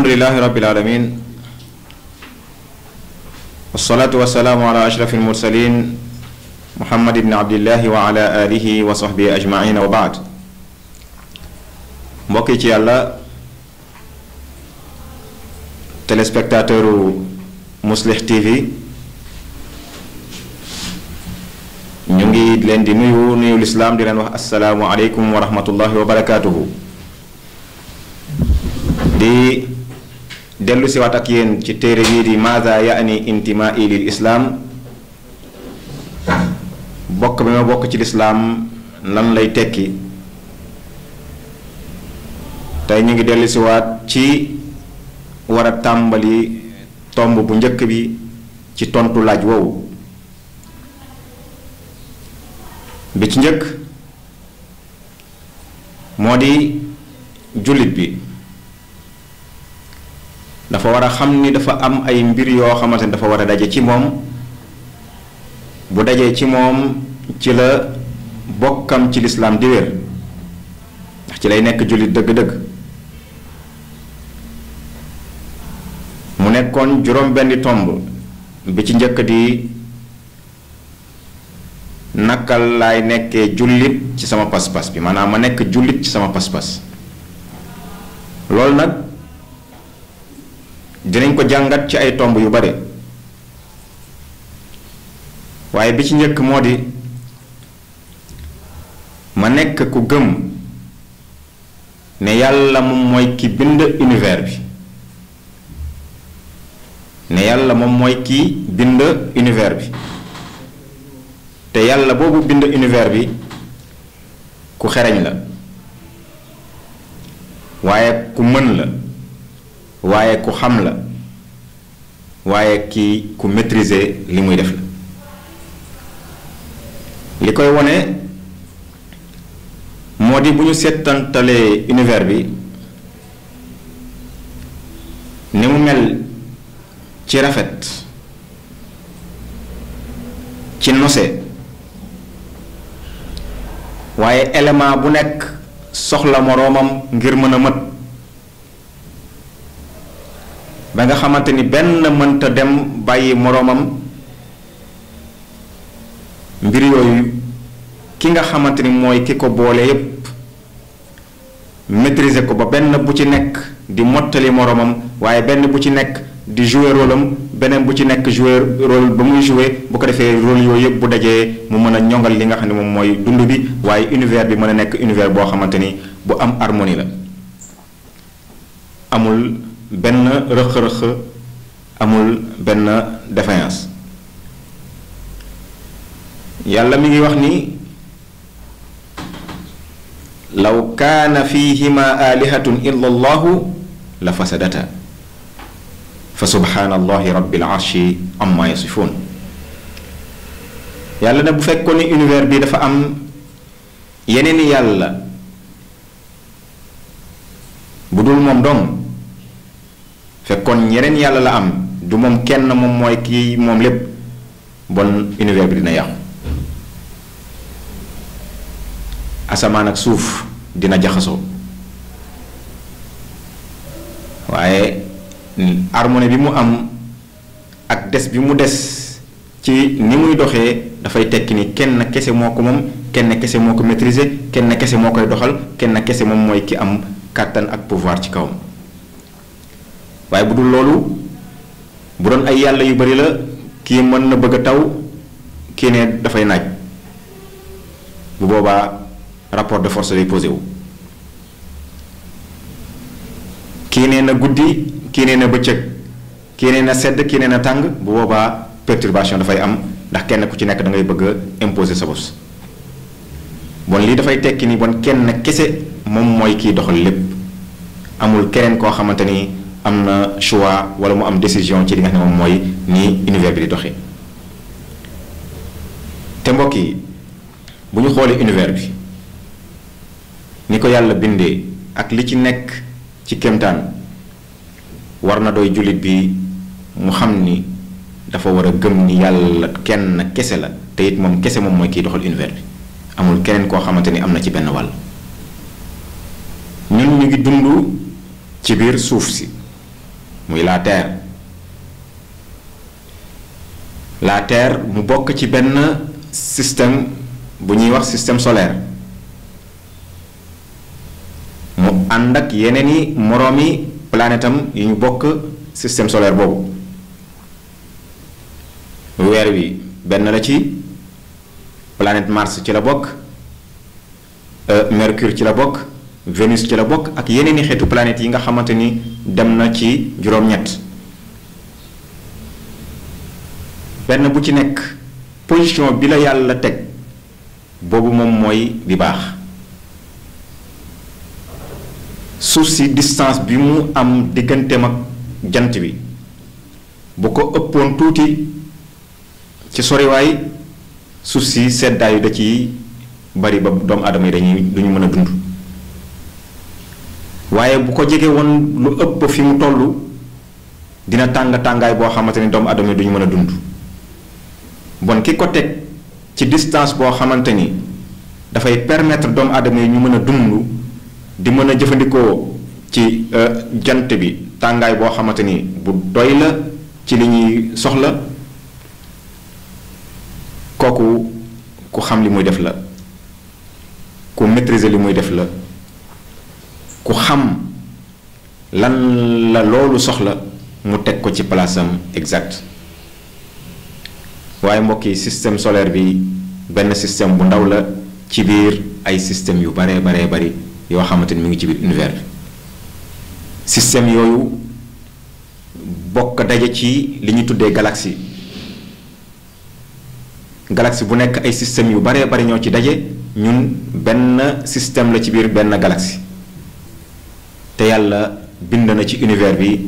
alhamdulilahi rabbil alamin wasalaatu wasalaamu ala ashraf almursalin muhammad ibni abdillahi wa ala alihi wa sahbihi ajmain wa baad mbokki ci yàlla téléspectateur Mouslih TV ñu ngi leen di nuyu nuyu lislaam di leen wax assalaamu aleykum wa rahmatullahi wa barakaatuhu di dellu waat ak yéen ci téere bii di maza yaani intimaa lil islaam bokk bi ma bokk ci lislaam lan lay tekki tey ñu ngi dellu waat ci war a tàmbali tomb bu njëkk bi ci tontu laaj woowu bi ci njëkk moo di jullit bi dafa war a xam ni dafa am ay mbir yoo xamante ni dafa war a daje ci moom bu dajee ci moom ci la bokkam ci lislaam di ndax ci lay nekk jullit dëgg-dëgg mu nekkoon juróom benni tomb bi ci njëkk di nakal lay nekkee jullit ci sama pas-pas bi maanaam ma nekk jullit ci sama pas-pas loolu nag dinañ ko jàngat ci ay tomb yu bare waaye bi ci njëkk moo di ma nekk ku gëm ne yàlla moom mooy bind univers bi ne yàlla moom mooy ki bind univers bi te yàlla boobu bind univers bi ku xereñ la waaye ku mën la waaye ku xam la waaye kii ku maîtriser li muy def la li koy wone moo di bu ñu seetantalee univers bi ni mu mel ci rafet ci nose waaye élément bu nekk soxla moroomam ngir mën a mët ba nga xamante ni benn mënta dem bàyyi moroomam mbir yooyu ki nga xamante ni mooy ki ko boole yépp maîtriser ko ba benn bu ci nekk di mottali moroomam waaye benn bu ci nekk di jouer rôle beneen bu ci nekk jouer rôle ba muy jouer bu ko defee rôle yooyu yëpp bu dajee mu mën a ñongal li nga xam ne moom mooy dund bi waaye univers bi mën a nekk univers boo xamante ni bu am harmonie la amul. benn rëq-rëq amul benn défaillance yàlla mi ngi wax ni law kaana fihima alihatun illa allahu la fasadata fa subhaanallahi rabbil arshi amma yasifuun yàlla ne bu fekkoon ni univers bi dafa am yeneen yàlla bu dul moom dong kon ñeneen yàlla la am du moom kenn moom mooy kii moom lépp bon univers bi dina yàqu asamaan ak suuf dina jaxasoo waaye armone bi mu am ak des bi mu des ci ni muy doxee dafay tekki ni kenn kese moo ko moom kenn kese moo ko maîtriser kenn kese moo koy doxal kenn kese moom mooy ki am kàttan ak pouvoir ci kawam waaye bu dul loolu bu doon ay yàlla yu bari la kii mën na bëgg a taw kii ne dafay naaj bu boobaa rapport de force lay posé wu kii nee na guddi kii nee na bëccëg kii nee na sedd kii nee na tàng bu boobaa perturbation dafay am ndax kenn ku ci nekk da bëgga bëgg a imposer sa bos bon lii dafay tekki nii bon kenn kese moom mooy kii doxal lépp amul keneen koo xamante ni am na choix wala mu am décision ci li xam ne moom mooy nii univers bi di doxee te mbokk yi bu ñu xoolee univers bi ni ko yàlla bindee ak li ci nekk ci kemtaan war na doy jullit bi mu xam ni dafa war a gëm ni yàlla kenn kese la te moom kese moom mooy kiy doxal univers bi amul keneen koo xamante ni am na ci benn wàll ñun ñu ngi dund ci biir suuf si muy la ter la terre mu bokk ci benn système bu ñuy wax système solaire mu ànd ak yeneen i moroomi planète am yu ñu bokk système solaire boobu weer wi benn la ci planète Mars ci la bokk euh, Mercure ci la bokk Vénus ci la bokk ak yeneen i xeetu planètes yi nga xamante ni dem na ci juróom-ñett benn bu ci nekk position bi la yàlla teg boobu moom mooy bi baax suuf si distance bi mu am diggante ak jant bi bu ko ëppoon tuuti ci soriwaay suuf si seddaayu da ci bari ba doomu aadama yi dañuy duñu mën a dund waaye bu ko jegee woon lu ëpp fi mu toll dina tàng tàngaay boo xamante ni doomu aadama duñu mën a dund bon ki ko teg ci distance boo xamante ni dafay permettre doomu aadama yi ñu mën a dund di mën a jëfandikoo ci euh, jant bi tàngaay boo xamante ni bu doy la ci li ñuy soxla kooku ku xam li muy def la ku maîtriser li muy def la ku xam lan la loolu soxla mu teg ko ci palaasam exact waaye mbokk yi système solaire bi benn système bu ndaw la ci biir ay système yu baree baree bari yoo xamante ni mu ngi ci biir univers bi système yooyu bokk daje ci li ñu tuddee galaxie galaxi bu nekk ay système yu baree bari ñoo ci daje ñun benn système la ci biir benn galaxie te yàlla bind na ci univers bi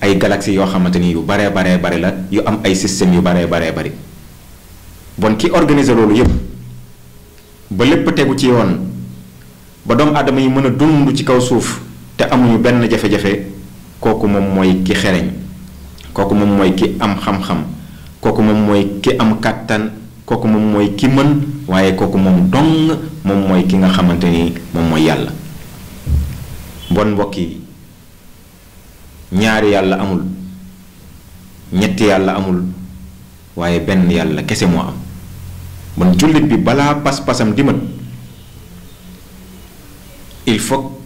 ay galaxies yoo xamante ni yu baree baree bari la yu am ay systèmes yu baree baree bari bon ki organiser loolu yëpp ba lépp tegu ci yoon ba doomu aadama yi mën a dund ci kaw suuf te amuñu benn jafe-jafe kooku moom mooy ki xereñ kooku moom mooy ki am xam-xam kooku moom mooy ki am kàttan kooku moom mooy ki mën waaye kooku moom dong moom mooy ki nga xamante ni moom mooy yàlla bon mbokk yi ñaari yàlla amul ñetti yàlla amul waaye benn yàlla kese moo am bon jullit bi balaa pas-pasam di mat il faut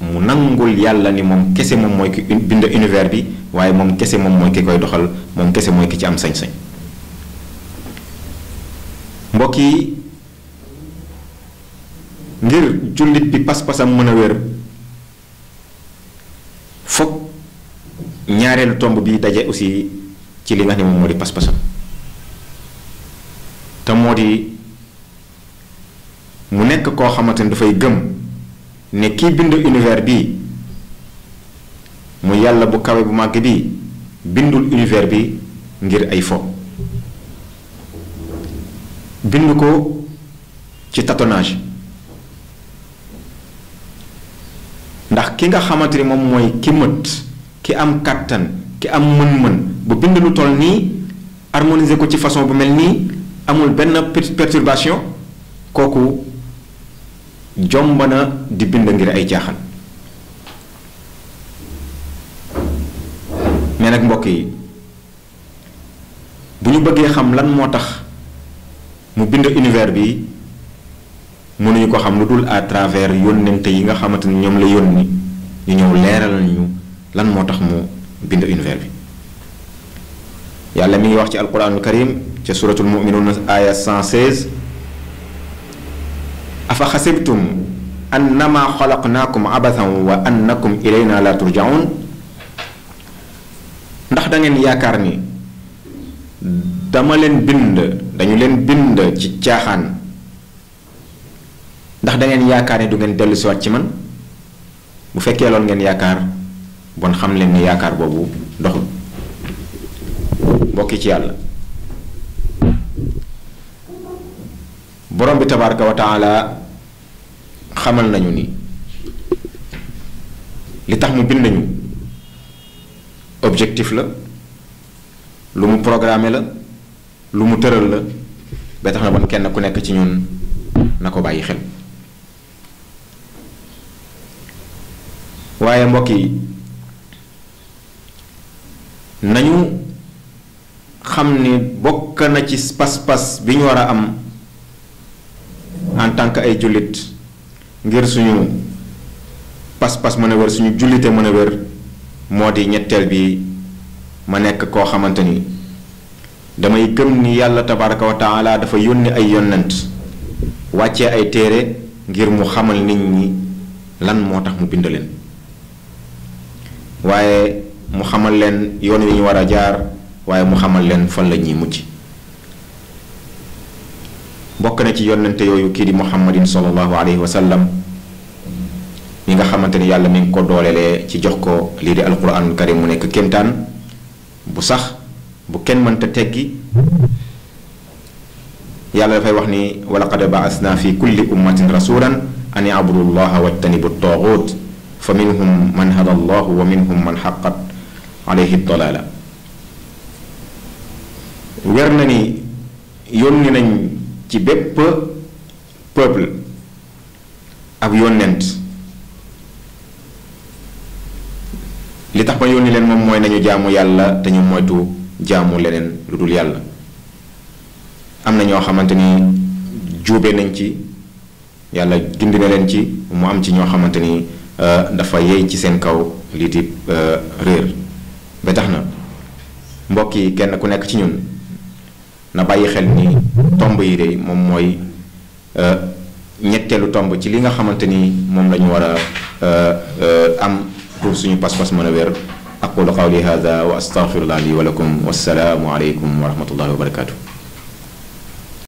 mu nangul yàlla ni moom kese moom mooy ki bind univers bi waaye moom kese moom mooy ki koy doxal moom kese mooy ki ci am sañ-sañ mbokk yi ngir jullit bi pas-pasam mën a wér ñaareelu tomb bi daje aussi ci li nga xam ne moom moo te moo mu nekk koo xamante ni dafay gëm ne kii bindu univers bi mu yàlla bu kawe bu màgg bi bindul univers bi ngir ay fo bind ko ci tâtonnage ndax ki nga xamante ni moom mooy ki mët ki am kàttan ki am mën-mën ba bind lu toll nii harmoniser ko ci façon bu mel nii amul benn perturbation kooku jomb na di bind ngir ay caaxaan mais nag mbokk yi bu ñu bëggee xam lan moo tax mu bind univers bi mënuñu ko xam lu dul à travers yónnente yi nga xamante ni ñoom la yónni ñu ñëw leeral ñu lan moo tax mu bind univers bi yàlla mi ngi wax ci alquranul karim ca suratul muminuuna aya 116 afa xasibtum annama xalaqnaakum abathan wa annakum ilayna la turjaun ndax da ngeen yaakaar ni dama leen bind dañu leen bind ci caaxaan ndax dangeen ngeen yaakaar ni du ngeen dellusiwaat ci man bu fekkee loolu ngeen yaakaar bon xam leen yaakaar boobu doxul mbokki ci yàlla borom bi tabaraka wa taala xamal nañu ni li tax mu bind nañu objectif la lu mu programmé la lu mu tëral la ba tax na bon kenn ku nekk ci ñun na ko bàyyi xel waaye mbokk nañu xam ni bokk na ci pas-pas bi ñu war a am en tant que ay jullit ngir suñu pas-pas mën a wér suñu jullite mën a wér moo di ñetteel bi ma nekk koo xamante ni damay gëm ni yàlla tabaraka wa dafa yónni ay yonent wàcce ay téere ngir mu xamal nit ñi lan moo tax mu bind leen waaye mu xamal leen yoon wi ñu war a jaar waaye mu xamal leen fan la ñuy mujj bokk na ci yonente yooyu kii di muhammadin sallallahu alayhi wa sallam mi nga xamante ni yàlla mi ngi ko dooleele ci jox ko lii di alquranul karim mu nekk kémtaan bu sax bu kenn mënta teggi yàlla dafay wax ni wa laqad baasna fi kulli ummatin rasulan an yabudu llaha wajtanibu tooxuut fa minhum man hada allahu wa minhum man xaqat alayhi dalaala weer na ni yónni nañ ci bépp peuple ab yónnent li tax ma yónni leen moom mooy nañu jàmm yàlla te ñu moytu jàmmu leneen lu dul yàlla am na ñoo xamante ni juube nañ ci yàlla gindi na leen ci mu am ci ñoo xamante ni euh, dafa yey ci seen kaw lii di euh, réer ba na mbokk yi kenn ku nekk ci ñun na bàyyi xel ni tomb yi de moom mooy euh, ñetteelu tomb ci li nga xamante ni moom lañu ñu war a euh, euh, am pour suñu pas-pas mën a wér aqulu qawli hada wa astaghfirullah li wa lakum wassalaamu wa rahmatullahi wa barakatuh